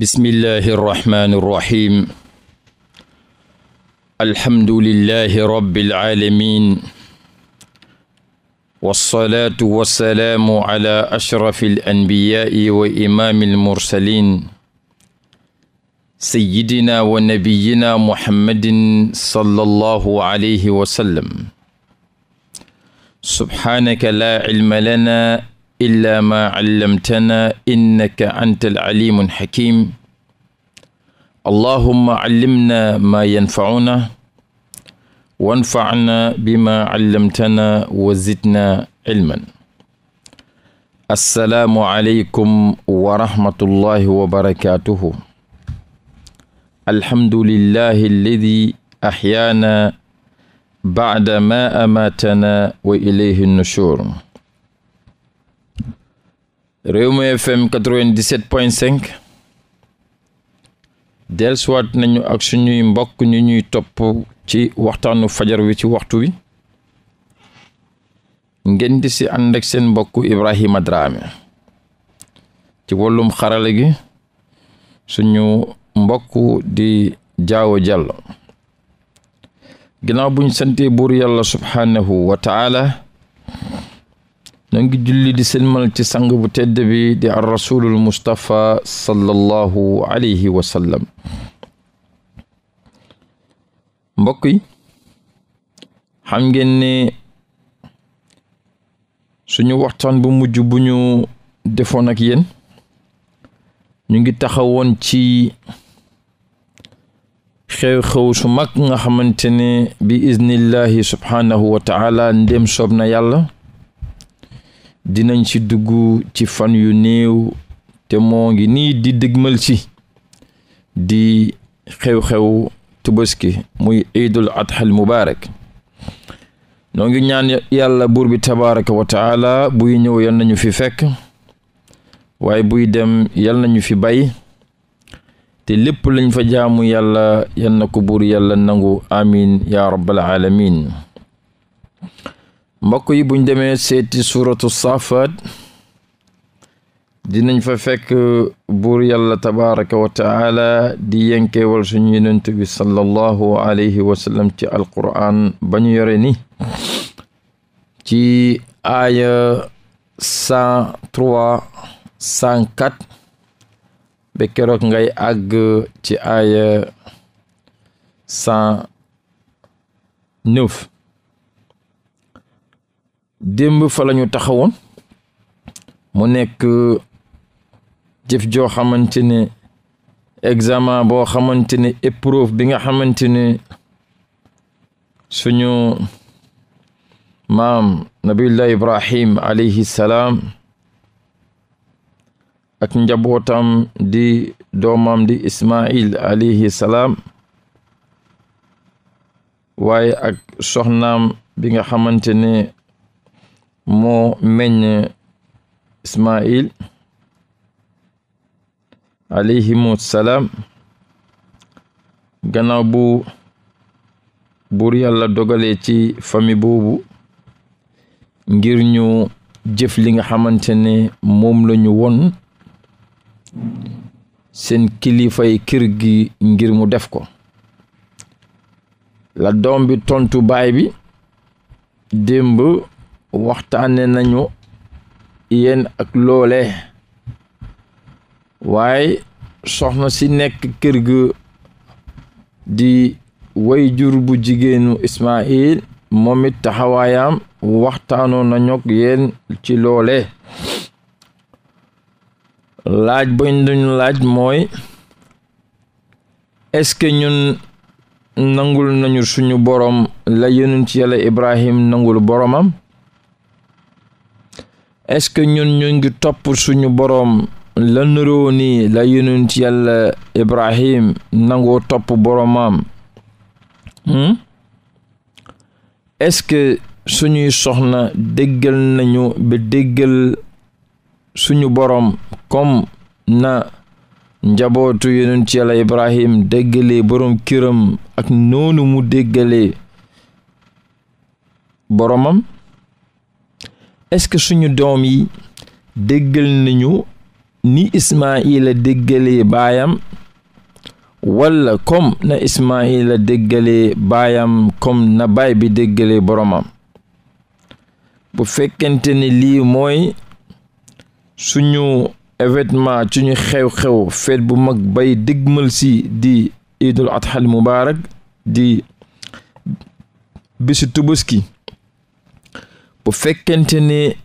bismillahi irrahmani irrahim alhamdulillahi rabbil alamin wasalaatu wasalaamu ala ashrafi alanbiyaai wa imaami almursalin sayyidina wa nabiyina muhammadin sallallahu alayhi wa sallam subhaanaka laa cilma lana illa ma allamtana innaka anta alalimu alxakim allahumma allimna ma yanfa'una wanfa'na bima allamtana wa zidna ilman assalaamu aleykum wa rahmatullahi wa barakatuhu alhamdulillahi alladi ahyaana ba'da ma amaatana wa ilayhi nushur Rewmi FM 97.5 dellusiwaat nañu ak suñuy mbokk ñu ñuy topp ci waxtaanu fajar wi ci waxtu wi ngeen di si ànd seen mbokku Ibrahima Dramé ci wàllum xarala gi suñu mbokku di jaawo jàllo ginnaaw buñ sante buur yàlla subhaanahu wa ñoo ngi julli di sëlmal ci sang bu tedd bi di ar rasulul mustapha sallallahu alayhi wa sallam mbokk yi xam ngeen ne suñu waxtaan bu mujj bu ñu defoon ak yéen ñu ngi taxawoon ci xew-xew su mag nga xamante ne bi iznillahi subhaanahu wa ndem soob na yàlla dinañ ci dugg ci fan yu néew te moo ngi nii di dëgmal si di xew-xew tubaski muy iidul adhal mubaarak noo ngi ñaan yàlla buur bi tabaraka wa buy ñëw yal nañu fi fekk waaye buy dem yal nañu fi bay te lépp lañ fa jaamu yàlla yal na ko buur yàlla nangu amin ya rabbal alamin mbokk yi buñ demee seeti suratu saafat dinañ fa fekk buur yàlla tabaraka wa taala di yenkeewal suñu yonent bi sallallahu alayhi wa sallam ci alquran ba yore ni ci aaya cent trois cent quatre ba keroog ngay àgg ci aaya cent neuf démb fa lañu taxawoon mu nekk jëf joo xamante ne examen boo xamante ne épreuve bi nga xamante ne suñu maam nabiullah ibrahim alayhi ak njabootam di doomam di ismail alayhi salaam waaye ak soxnaam bi nga xamante ne moo meññ ismail alayhimu salaam gannaaw bu buur yàlla dogalee ci fami boobu ngir ñu jëf li nga xamante ne moom lañu ñu won seen kilifay kër gi ngir mu def ko la doom bi tontu baay bi démb waxtaane nañu yéen ak loole waaye soxna si nekk kër ga di wayjur bu jigéenu Ismaayil moom it taxawaayam waxtaanoo nañu yéen ci loole laaj bañ duñ laaj mooy est-ce ñun nangul nañu suñu boroom la yonent Yàlla Ibrahim nangul boroomam est-ce que ñun ñu ngi topp suñu boroom la nuroo nii la yonent yàlla Ibrahim nangoo topp boromam hmm? est-ce que suñuy soxna déggal nañu ba déggal suñu boroom kom na njabootu yonent yàlla Ibrahim déggalee boroom këram ak noonu mu déggalee boroomam est-ce que suñu doom yi déggal nañu ni Ismaayila déggalee baayam walla comme na Ismaayila déggalee baayam comme na baay bi déggalee boroomam bu fekkente ni lii mooy suñu événement suñu xew-xew feet bu mag bay dégmal si di idul adhal mubaarak di bisi tubuski bu fekkente ne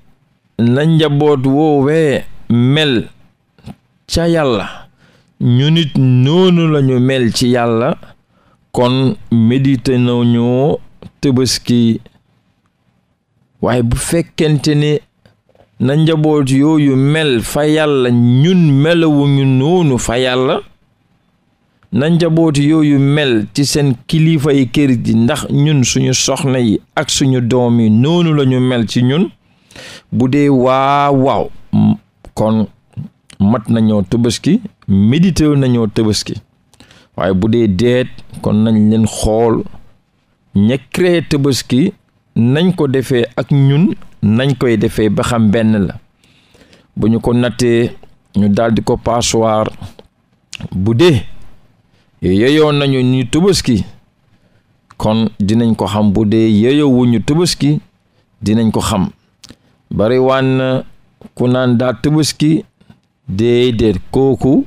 na njaboot woowee mel ca yàlla ñu nit noonu lañu mel ci yàlla kon médité nañu tëbaski waaye bu fekkente ne na njaboot yooyu mel fa yàlla ñun melowuñu noonu fa yàlla na njaboot yooyu mel ci seen kilifa kër gi ndax ñun suñu soxna yi ak suñu doom yi noonu la ñu mel ci ñun bu dee waaw waaw kon mat nañoo tëbaski médité nañoo tëbëski waaye bu dee deet kon nañ leen xool ña tëbëski nañ ko defee ak ñun nañ koy defee ba xam benn la bu ñu ko nattee ñu daldi ko passoir bu dee yeyoon nañu ñu tubaski kon dinañ ko xam bu dee yeyowuñu tubaski dinañ ko xam bari waan ku naan daa tubaski déedéet kooku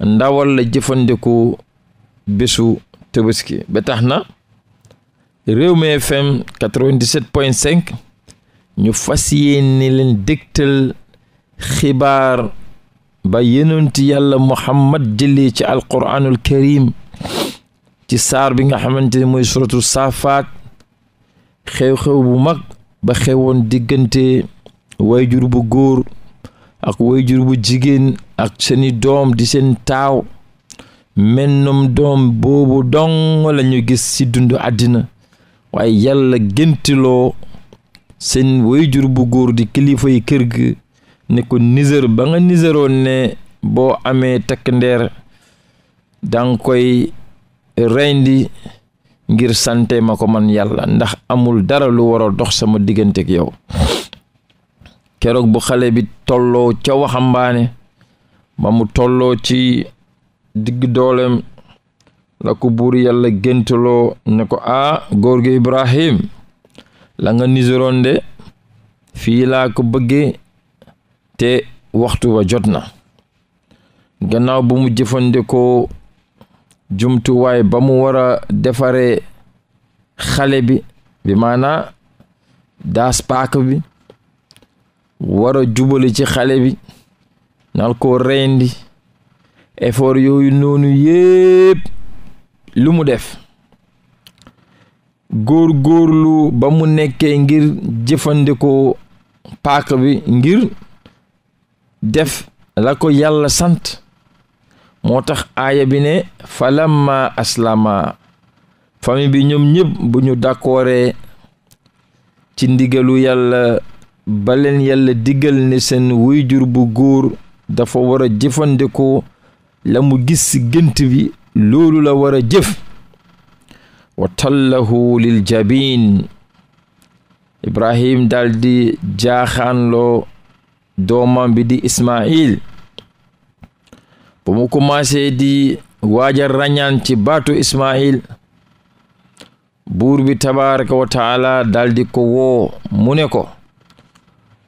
ndawal la jëfandiku bésu tubaski ba tax na Rewmi FM 97.5 ñu fas ni leen dégtal xibaar ba yenenti yàlla muhammad jëlee ci alquraanul karim ci saar bi nga xamante ne mooy suratu saafaat xew-xew bu mag ba xewoon diggante wayjur bu góor ak wayjur bu jigéen ak seeni doom di seen taaw mennum doom boobu dong la gis ci dundu àddina waaye yàlla géntiloo seen wayjur bu góor di kilifa kër gi ne ko niser ba nga niseroon ne boo amee takk ndeer danga koy reyndi ngir sante ma ko man yàlla ndax amul dara lu war a dox sama digganteeg yow keroog bu xale bi tolloo ca waxambaane ma mu tolloo ci digg doolem la ko buur yàlla géntaloo ne ko a ah, góor gi Ibrahim la nga niseroon de fii laa ko bëggee te waxtu wa jot na gannaaw bu mu jëfandikoo jumtuwaay ba mu war a defaree xale bi bi maanaa daas paak bi wara jubale ci xale bi nal ko reyndi effort yooyu noonu yépp lu mu def góor góorlu ba mu nekkee ngir jëfandikoo paak bi ngir def la ko yàlla sant moo tax aaya bi ne falamma aslama famille bi ñoom ñëpp bu ñu dàkkooree ci ndigalu yàlla baleen yàlla digal ne seen jur bu góor dafa war a jëfandiku la mu gis ci gént bi loolu la war a jëf wa tallahu lil jabin ibrahim daldi jaaxaanloo doomam bi di Ismaayil bu mu commencé di waaja rañaan ci baatu Ismaayil buur bi tabaraka wa daldi ko woo mu ne ko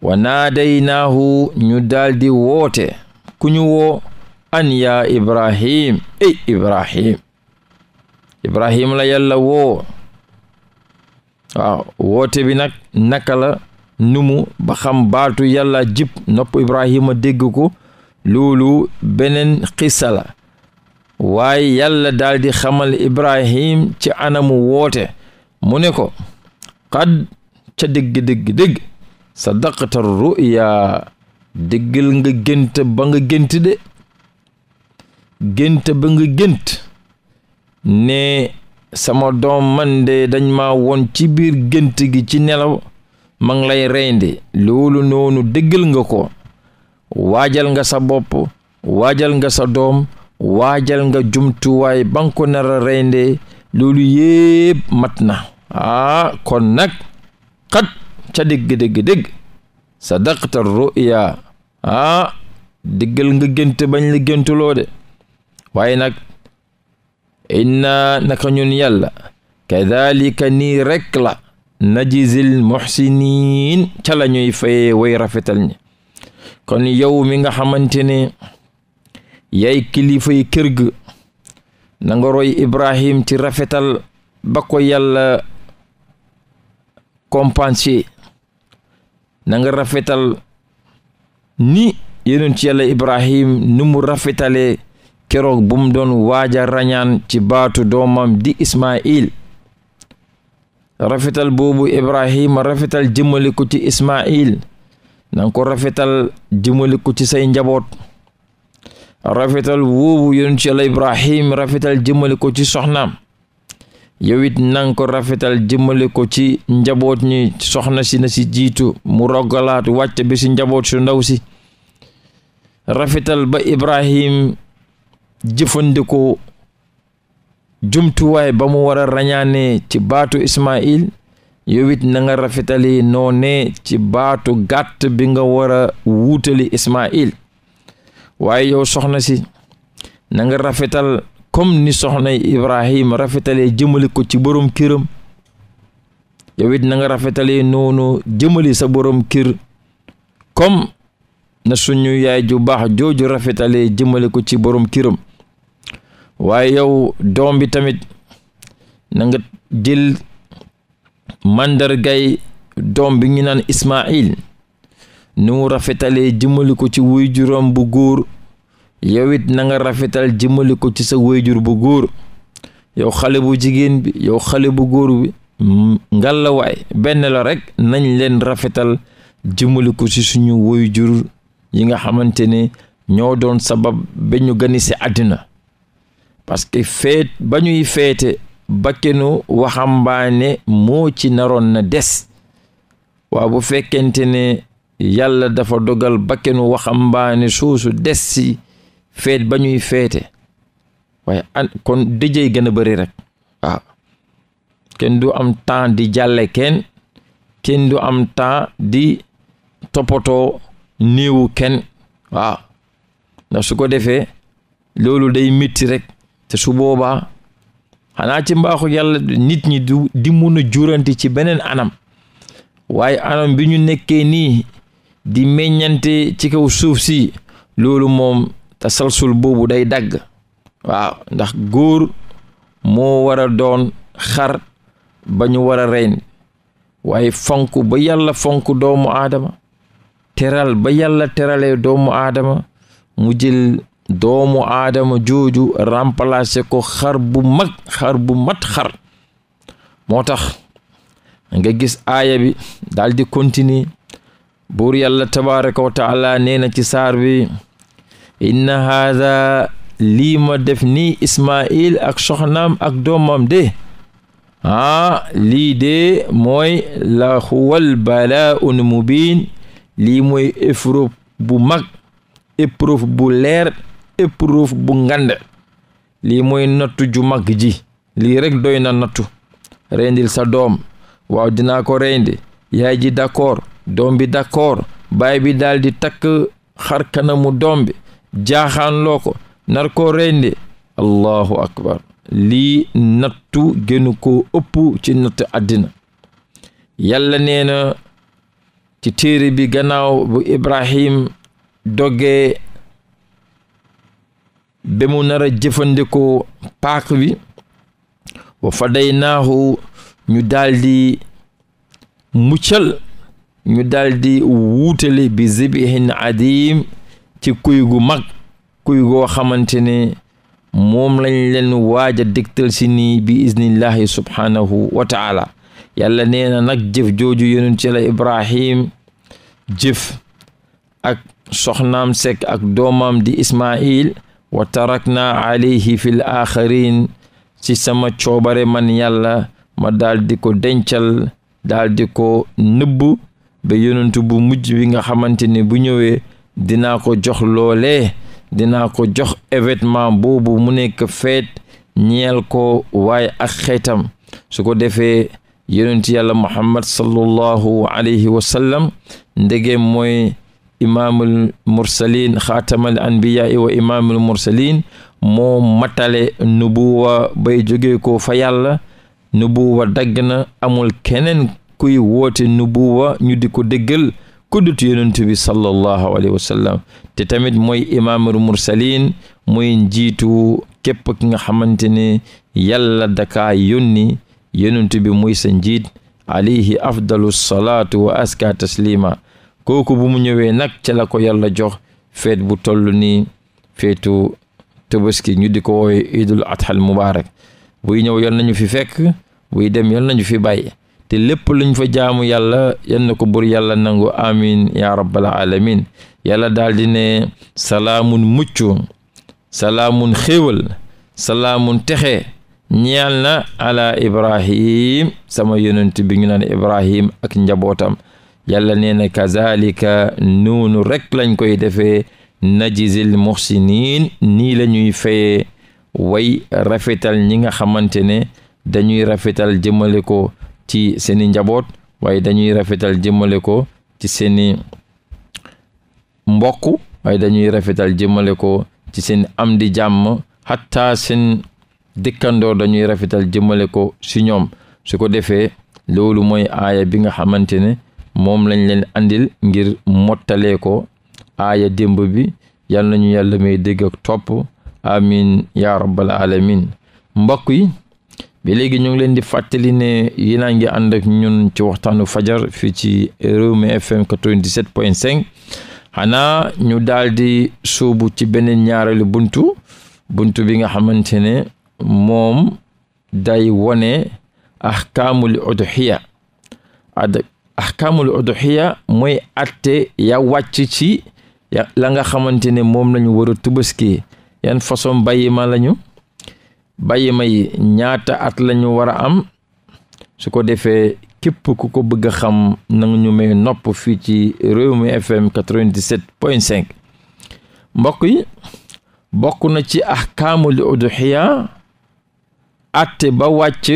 wa ñu daldi woote ku ñu woo an yaa Ibrahim Ibrahim la yàlla woo waaw woote bi nag la numu ba xam baatu yàlla jib nopp Ibrahima dégg ko loolu beneen xissa waaye yàlla daldi di xamal Ibrahim ci anamu woote mu ne ko xad ca dégg dégg dégg sadaqta ruya déggal nga gént ba nga gént de gént ba nga gént ne sama doom man de dañ ma won ci biir gént gi ci nelaw ma lay reynde loolu noonu dëggal nga ko waajal nga sa bopp waajal nga sa doom waajal nga jumtuwaay ba nga ko nar a reynde loolu yépp mat na aa ah, kon nag xat ca dëgg-dëgg-dëgg sadaqta ruya aa ah, dëggal nga gént bañ la géntuloo waaye nag inna naka ñun yàlla kadalika nii rekk la najizil muhsinin ca la ñuy fayee woy rafetal ñi kon yow mi nga xamante ne yaay kilifay kër gi na nga roy Ibrahim ci rafetal ba ko yàlla compensé na nga rafetal ni ci yàlla Ibrahim ni mu rafetalee keroog bu doon waaja rañaan ci baatu doomam di Ismail rafetal boobu Ibrahima rafetal jëmale ko ci Ismaayil nanga ko rafetal jëmale ko ci say njaboot rafetal boobu yonent Yàlla Ibrahim rafetal jëmale ko ci soxnaam yow it nanga ko rafetal jëmale ko ci njaboot ñi soxna si na si jiitu mu rogalaat wàcc bi si njaboot su ndaw si rafetal ba Ibrahim jëfandikoo jumtuwaay ba mu war a rañaane ci baatu Ismaayil yowit na nga rafetali noone ci baatu gàtt bi nga war a wuutali Ismaayil waaye yow soxna si na nga rafetal comme ni soxna Ibrahim rafetalee jëmali ko ci borom këram yowit na nga rafetalee noonu jëmale sa borom kër comme na suñu yaay ju baax jooju rafetalee jëmale ko ci borom këram waaye yow doom bi tamit nanga jël màndargay doom bi ñu naan Ismaayil nu mu rafetalee jëmale ko ci wuy juróom bu góor yow it na nga rafetal jëmale ko ci sa wuy bu góor yow xale bu jigéen bi yow xale bu góor bi mm, ngàllawaay benn la rekk nañu leen rafetal jëmale ko ci suñu wuy jur yi nga xamante ne ñoo doon sabab ba ñu gani si àddina parce que feet ba ñuy feete bakkenu waxambaane moo ci naroon na des waaw bu fekkente ne yàlla dafa dogal bakkenu waxambaane soosu des si feet ba ñuy feete waaye kon dëjëy gën a bëri rek waaw du am temps di jalle kenn kenn du am temps di toppatoo niwu kenn waaw ndax su ko defee loolu day métti rek te su boobaa xanaa ci mbaaxu yàlla nit ñi di mun a jurante ci beneen anam waaye anam bi ñu nekkee nii di meññante ci kaw suuf si loolu moom tasalsul boobu day dagg waaw ndax góor moo war a doon xar ba ñu war a reyn waaye fonk ba yàlla fonk doomu aadama teral ba yàlla teralee doomu aadama mu jël doomu aadama jooju remplacer ko xar bu mag xar bu mat xar moo tax nga gis aaya bi daal di buur yàlla tabaraka wa taala na ci saar bi inna haada lii ma def nii ismail ak soxnaam ak doomam de ah lii de mooy la huwal balaaun mubin lii mooy épreuve bu mag épreuve bu leer épreuve bu ngande lii mooy nattu ju mag ji lii rek doy na nattu reyndil sa doom waaw dinaa ko reyndi yaay ji d'accord doom bi d'accord baay bi daal takk xar kanamu doom bi jaaxaanloo ko nar koo reyndi allahu akbar lii nattu gënu ëpp ci natt àddina yàlla nee na ci téere bi gannaaw bu ibrahim doggee ba mu nar a jëfandikoo paak bi wa fadaynaahu ñu daldi muccal ñu daldi wuutale bi zibihin adim ci kuy gu mag kuy goo xamante ne moom lañ leen waaj a dégtal si nii bi iznillahi subhaanahu wa taala yàlla nee na nag jëf jooju yonent ci la ibrahim jëf ak soxnaam sek ak doomam di ismail wa tarakna alayhi fil axarin ci sama coobare man yàlla ma daldi ko dencal daal ko nëbb ba yonentu bu mujj bi nga xamante ne bu ñëwee dinaa ko jox loole dinaa ko jox événement boobu mu nekk feet ñeel ko waaye ak xeetam su ko defee yonentu yàlla muhammad sallallahu alayhi wa sallam ndege imaamul mursalin xaatamal anbiyaa wa imaamul mursalin moo matale nubuwa bay jóge ko fa yàlla nubuwa dagg na amul keneen kuy woote nubuwa ñu di ko dëggal kuddut yonent bi sallallahu alayhi wa te tamit mooy imaamul mursalin mooy njiitu képp ki nga xamante ne yàlla dakaa yónni yonent bi muy sa njiit alayhi afdalu salaatu wa aska taslima kooku bu mu ñëwee nag ca la ko yàlla jox feet bu toll nii feetu tabaski ñu di ko woowee idul adhal mubaarak buy ñëw yal nañu fi fekk buy dem yal nañu fi bàyyi te lépp luñ fa jaamu yàlla yal na ko bur yàlla nangu amin ya rabbal alamin yàlla daal di ne salaamun mucc salaamun xéewal salaamun texe ñeel na ala ibrahim sama yonent bi ñu naan ibrahim ak njabootam yàlla nee na kazalika noonu rek lañ koy defee najizil muhsinin nii la ñuy fayee way rafetal ñi nga xamante ne dañuy rafetal jëmmale ko ci seeni njaboot waaye dañuy rafetal jëmmale ko ci seeni mbokk waaye dañuy rafetal jëmmale ko ci seen am di jàmm xatta seen dëkkandoo dañuy rafetal jëmmale ko si ñoom su ko defee loolu mooy aaya bi nga xamante ne moom lañ leen andil ngir mottalee ko aaya démb bi yal nañu yàlla may dégg topp amin ya rabbal alamin mbokk yi bi léegi ñu ngi leen di fàttali ne yéen a ngi ànd ñun ci waxtaanu fajar fii ci Rewmi FM 97.5 xanaa ñu daldi suubu ci beneen ñaareelu buntu buntu bi nga xamante ne moom day wone ahkaamul udhiya ahkaamul uduxiya mooy atte ya wàcc ci la nga xamante ne moom lañu war a tubaski yan façon bàyyi ma lañu bàyyi ma yi ñaata at lañu war a am su ko defee képp ku ko bëgg a xam nanga ñu may nopp fii ci réew mi fm 97 point 5 mbokk yi bokk na ci ahkaamul uduxiya atte ba wàcc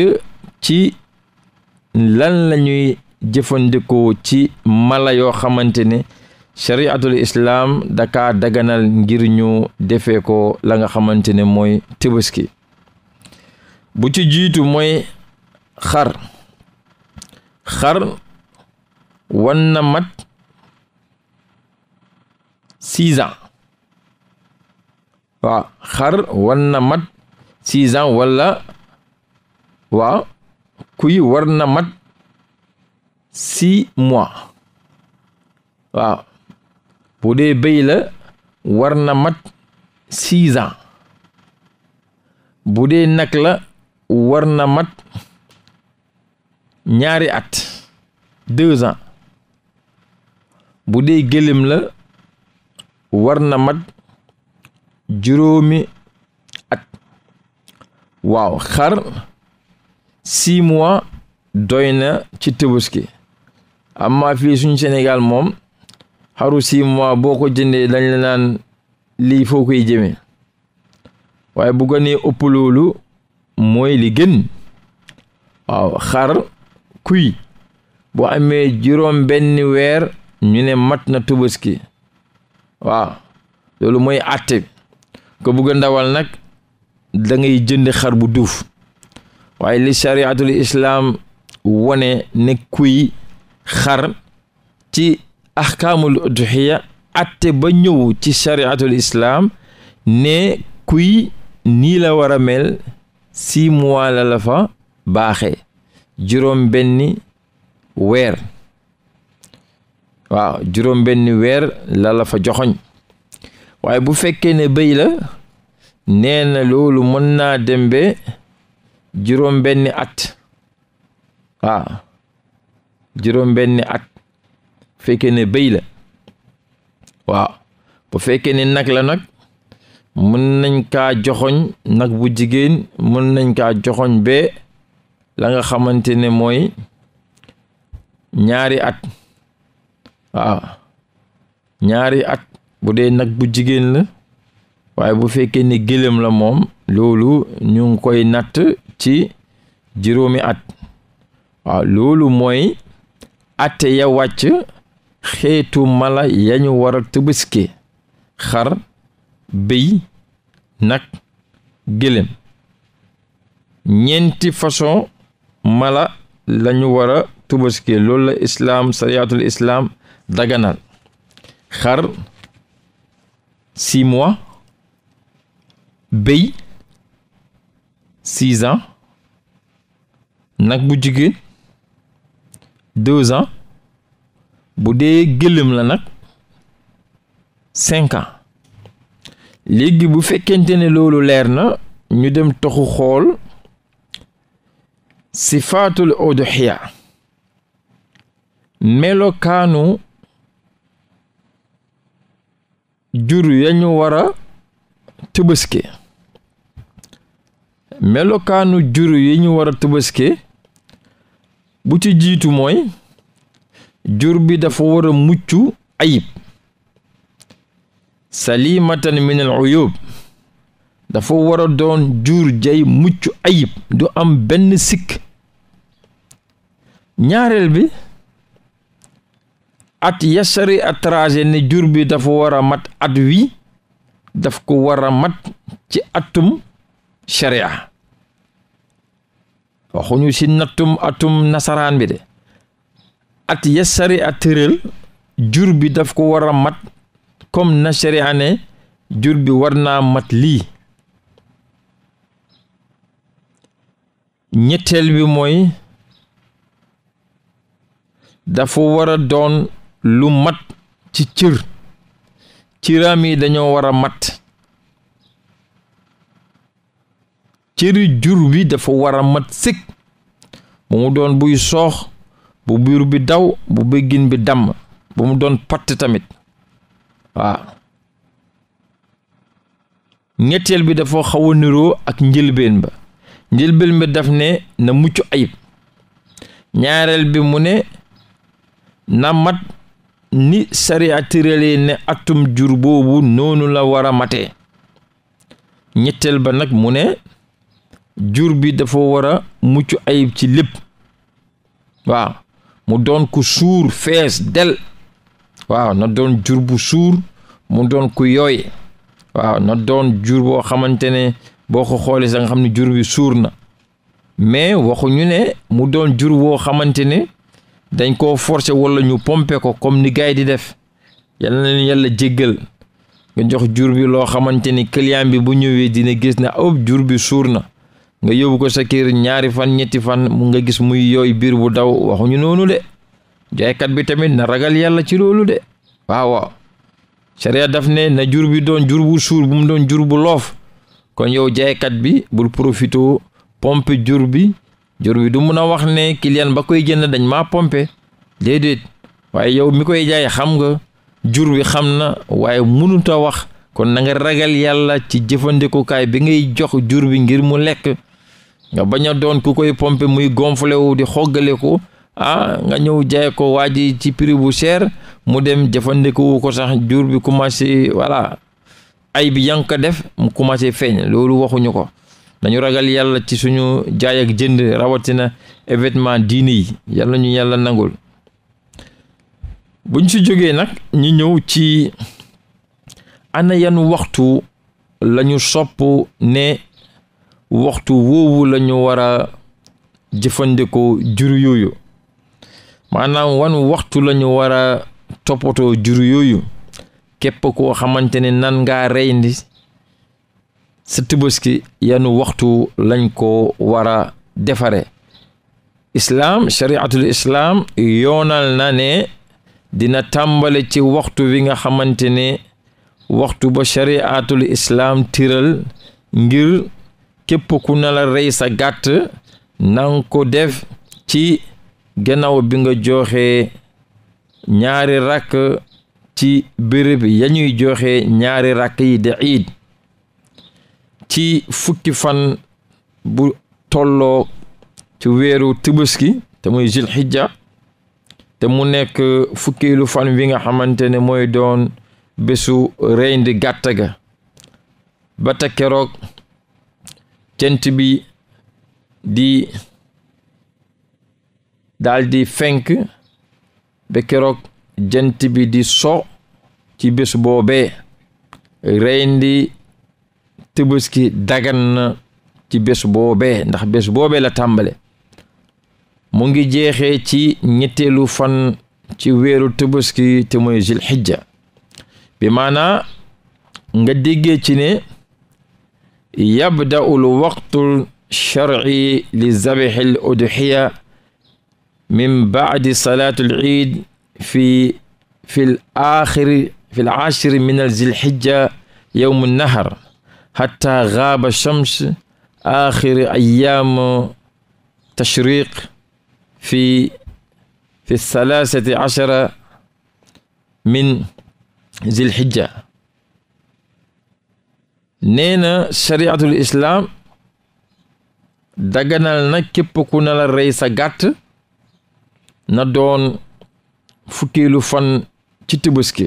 ci lan lañuy jëfandikoo ci mala yoo xamante ne chariatul islaam dakaa daganal ngir ñu defee ko la nga xamante ne mooy tëbaski bu ci jiitu mooy xar xar wan na mat six ans waaw wala waaw kuy war mat six mois waaw bu dee béy la war na mat six ans bu dee nag la war na mat ñaari at deux ans bu dee gëlëm la war na mat juróomi at waaw xar six mois doy na ci Tabaski amma fii senegal moom xaru six mois boo ko jëndee dañ la naan lii foo koy jëmee waaye bu gënee ëpp loolu mooy li gën waaw xar kuy boo amee juróom benn weer ñu ne mat na tubaski waaw loolu mooy àtte ko bugg a ndawal nag dangay jënd xar bu duuf waaye li chariatul islaam wone ne kuy xar ci ahkaamul udhiya atte ba ñëw ci chariatul islaam ne kuy nii la war mel six mois baaxe juróom benni weer waaw joxoñ waaye bu fekkee ne bëy neena loolu mën naa dembe juróom benni at waaw juróom benni at fekkee ne béy la waaw bu fekkee ne nag la nag mën nañ kaa joxoñ nag bu jigéen mën nañ kaa joxoñ bee la nga xamante ne mooy ñaari at waaw ñaari at bu dee nag bu jigéen la waaye bu fekkee ni gëlëm la moom loolu ñu ngi koy natt ci juróomi at waaw loolu mooy atte ya wàcc xeetu mala yañu war a tëbaske xar bëy nag gëléem ñeenti façon mala lañu war a tëbaske loolu la islaam sariyaatul islaam daganal xar six mois bëy nag bu jigéen deux bu dee gëlëm la nag cinq léegi bu fekkente ne loolu leer na ñu dem toxu xool sifaatul udhiya melokaanu jur yañu ñu war melokaanu jur yi ñu war a tëbaske bu ci jiitu mooy jur bi dafa war a mucc ayib salimatan min al uyub dafa war a doon jur jay mucc ayib du am benn sikk ñaareel bi at yasari atrage ne jur bi dafa war a mat at wi daf ko war a mat ci atum sharia waxuñu si nattum atum nasaraan bi de at ya sariya tëral jur bi daf ko war a mat kom na sariya jur bi war naa mat lii ñetteel bi mooy dafa war a doon lu mat ci cër ciraam yi dañoo war a mat cëri jur bi dafa war a mat sëg bu mu doon buy soox bu biir bi daw bu bëggin bi damm bu mu doon patt tamit waaw ñetteel bi dafa xaw niroo ak njëlbeen ba njëlbeen bi daf ne na mucc ayib ñaareel bi mu ne na mat ni sariya ne atum jur boobu noonu la war a matee ñetteel ba nag mu ne jur bi dafa war a mucc ayib ci lépp waaw mu doon ku suur fees del waaw na doon jur bu suur mu doon ku yooy waaw na doon jur boo xamante ne boo ko xoolee sa nga xam ne jur bi suur na mais waxuñu ne mu doon jur woo xamante ne dañ ko forcer walla ñu pompe ko comme ni gaay di def yal na yàlla jéggal nga jox jur bi loo xamante ni client bi bu ñëwee dina gis na ëpp oh, jur bi suur na nga yóbbu ko sa kër ñaari fan ñetti fan nga gis muy yooy biir bu daw waxuñu noonu de jaaykat bi tamit na ragal yàlla ci loolu de waawa sariya daf ne na jur bi doon jur bu suur bu mu doon jur bu loof kon yow jaaykat bi bul profito pompe jur bi jur bi du mun a wax ne client ba koy jënd dañ maa pompe déedéet waaye yow mi koy jaay xam nga jur bi xam na waaye mënut a wax kon nanga ragal yàlla ci jëfandikukaay bi ngay jox jur bi ngir mu lekk nga bañ a doon ku koy pompe muy gonflé wu di xoggale ko ah nga ñëw jaay ko waa ji ci prix bu cher mu dem jëfandikoo ko sax jur bi commencé voilà ay bi yanka def mu commencé feeñ loolu waxuñu ko dañu ragal yàlla ci suñu jaay ak jënd rawatina événement diini yi yàlla ñu yàlla nangul buñ si jógee nag ñu ñëw ci ana yan waxtu lañu sopp ne waxtu woowu lañu ñu war a jëfandikoo jur yooyu maanaam wan waxtu lañu ñu war a toppatoo jur yooyu képp koo xamante ne nan nga reyndi sa yanu waxtu lañ ko wara defaree islaam chariatul islaam yoonal na ne dina tàmbale ci waxtu wi nga xamante ne waxtu ba chariatul islaam tiral ngir képp ku na la rey sa gàtt nanga ko def ci gannaaw bi nga joxe ñaari rakk ci béréb ya ñuy joxe ñaari rakk yi de iid ci fukki fan bu tolloo ci weeru tëbaski te muy zilxijja te mu nekk fukkeelu fan wi nga xamante ne mooy doon bésu reyndi gàtt ga ba keroog jant di daldi fenk ba keroog jant bi di soo ci bés boobee reyndi tëbaski dagan na ci bés boobee ndax bés boobee la tàmbale mu ngi jeexee ci ñetteelu fan ci weeru tëbaski te mooy zilxijja bi maanaa nga déggee ci ne yabda'u lwaqtu sharci li zabixi l udxiya min bacdi salaatu lciid fi fi l axiri fi l ashiri min al zilxijja yowmu nahar xataa gaaba shams axiri ayaam tashriq fi fi salaasati ashara min zilxijja nee na chariatul islaam daganal na képp ku na rey sa gàtt na doon fukkeelu fan ci tëbaski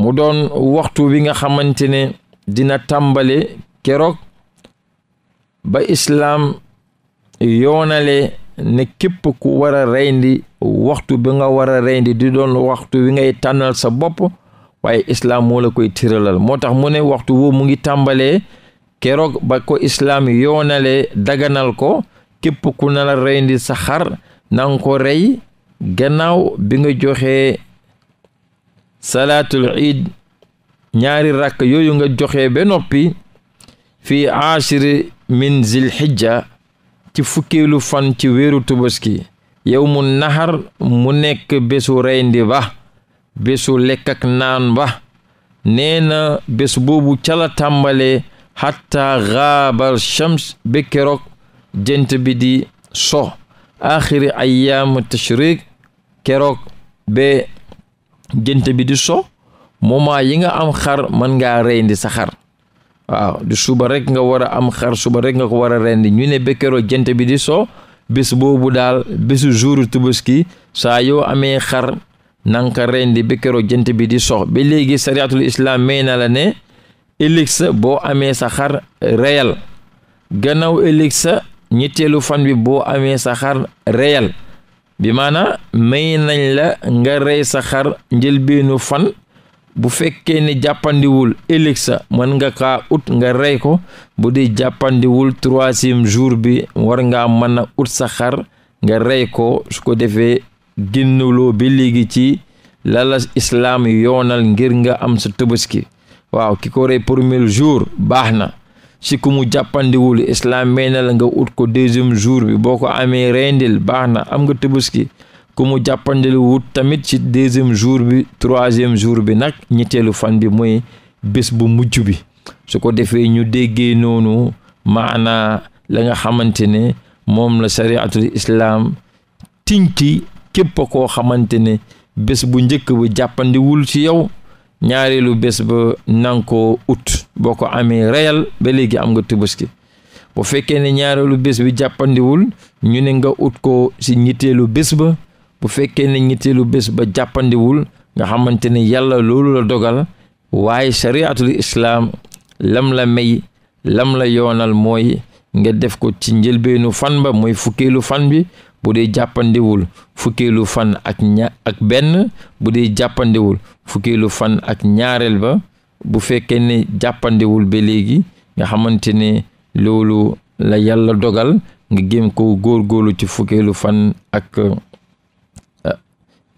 mu doon waxtu wi nga xamante ne dina tàmbale keroog ba islaam yoonale ne képp ku war a reyndi waxtu bi nga war a reyndi di doon waxtu wi ngay tànnal sa bopp waaye islaam moo la koy tëralal moo tax mu ne waxtu wu mu ngi tàmbalee keroog ba ko islaam yoonalee daganal ko képp ku na la reyndi sa xar ko rey gannaaw bi nga joxee salaatul iid ñaari rakk yooyu nga joxe ba noppi fii ashiri min zilhijja ci fukkeelu fan ci weeru tubaski yow mu nahar mu nekk bésu reyndi ba bésu lekk naan ba nee na bés boobu ca la tàmbalee xatta xaabal shams ba keroog jant bi di so axiri ayaam tashrik keroog ba jant bi di so moment yi nga am xar mën ngaa reyndi sa xar waaw du suba rek nga war a am xar suba rek nga ko war a reyndi ñu ne ba keroog bi di so bés boobu daal bésu jouru tubaski saa yoo amee xar nanga ko rendi bi keroog jant bi di sox ba léegi sariatul islam may na la ne ëllëg sa boo amee sa xar reyal gannaaw ëllëg sa ñetteelu fan bi boo amee sa xar reyal bi maana may nañ la nga rey sa xar njëlbeenu fan bu fekkee ne jàppandiwul ëllëg sa mën nga kaa ut nga rey ko bu dee jàppandiwul troisième jour bi war ngaa mën a ut sa xar nga rey ko su ko defee génnuloo ba léegi ci lala islaam yoonal ngir nga am sa tabaski waaw ki ko rey premier jour baax na ci ku mu jàppandiwul islaam may na la nga ut ko deuxième jour bi boo ko amee rendil baax na am nga tabaski ku mu jàppandil tamit ci deuxième jour bi troisième jour bi nag ñetteelu fan bi mooy bés bu mujj bi su ko defee ñu déggee noonu maanaa la nga xamante ne moom la chariatul islaam tinki képp koo xamante ne bés bu njëkk ba jàppandiwul ci yow ñaareelu bés ba nang ko ut boo ko amee reyal ba léegi am nga tëbaski boo fekkee ne ñaareelu bés bi jàppandiwul ñu ne nga ut ko ci ñitteelu bés ba bu fekkee ne ñitteelu bés ba jàppandiwul nga xamante ne yàlla loolu la dogal waaye chariatul islaam lam la may lam la yoonal mooy nga def ko ci njëlbeenu fan ba mooy fukkeelu fan bi bu dee jàppandiwul fukkeelu fan ak bu dee jàppandiwul fukkeelu fan ak ñaareel ba bu fekkee ne jàppandiwul ba léegi nga xamante ne loolu la yàlla dogal nga gém ko góor góorgóorlu ci fukkeelu fan ak eh,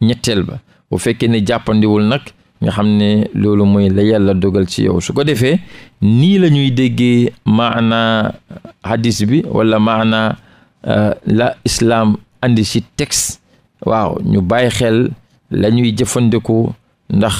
ñetteel ba bu fekkee ne jàppandiwul nag nga xam ne loolu mooy la yàlla dogal ci yow su ko defee nii la ñuy déggee maana hadis bi walla maana euh, la islaam andi ci texte waaw ñu bàyyi xel la ñuy jëfandikoo ndax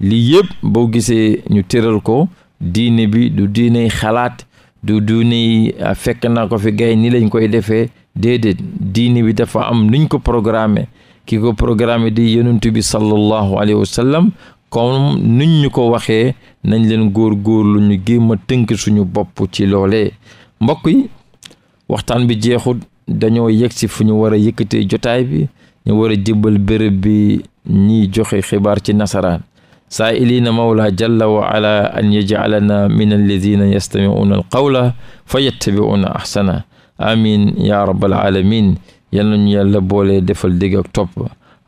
lii yëpp boo gisee ñu tëral ko diine bi du diine xalaat du diiney fekk naa ko fi gay nii lañ koy defee déedéet diine bi dafa am luñ ko programmer ki ko programme di yonentu bi sallallahu alayhi wa sallam comme nuñ ñu ko waxee nañ leen góor góor lu ñu géem a tënk suñu bopp ci loolee mbokk yi waxtaan bi jeexut dañoo yegg si fu ñu war a yëkkatee jotaay bi ñu war a jébbal bërëb bi ñiy joxe xibaar ci nasaraan saa ilina mawla jalla wa ala an yajalana min alladina yastamiuna alqawla fa yattabiuna ahsana amin ya rabbal alamin yal nañu yàlla boole defal dégg ak topp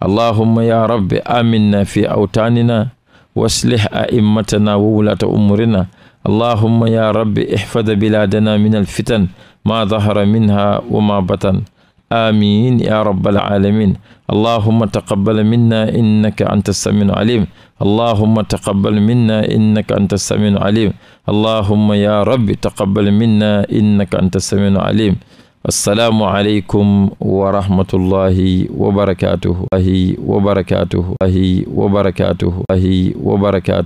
allahumma ya rabbi aminna fi awtaanina wa aslih a'immatana wa wulaata umurina allahumma ya rabbi ihfad bilaadana min alfitan ma dahara minha wa ma batan amin ya rabbal alamin allahumma taqabbal minna innaka anta samiu alim allahumma taqabbal minna innaka anta samiu alim allahumma ya rabbi taqabbal minna innaka anta samiu alim asalaamualeykum wa rahmatullahi wa barakaatuhu ahi wa barakaatuhu ahi wa barakaatuhu ahi wa barakaatu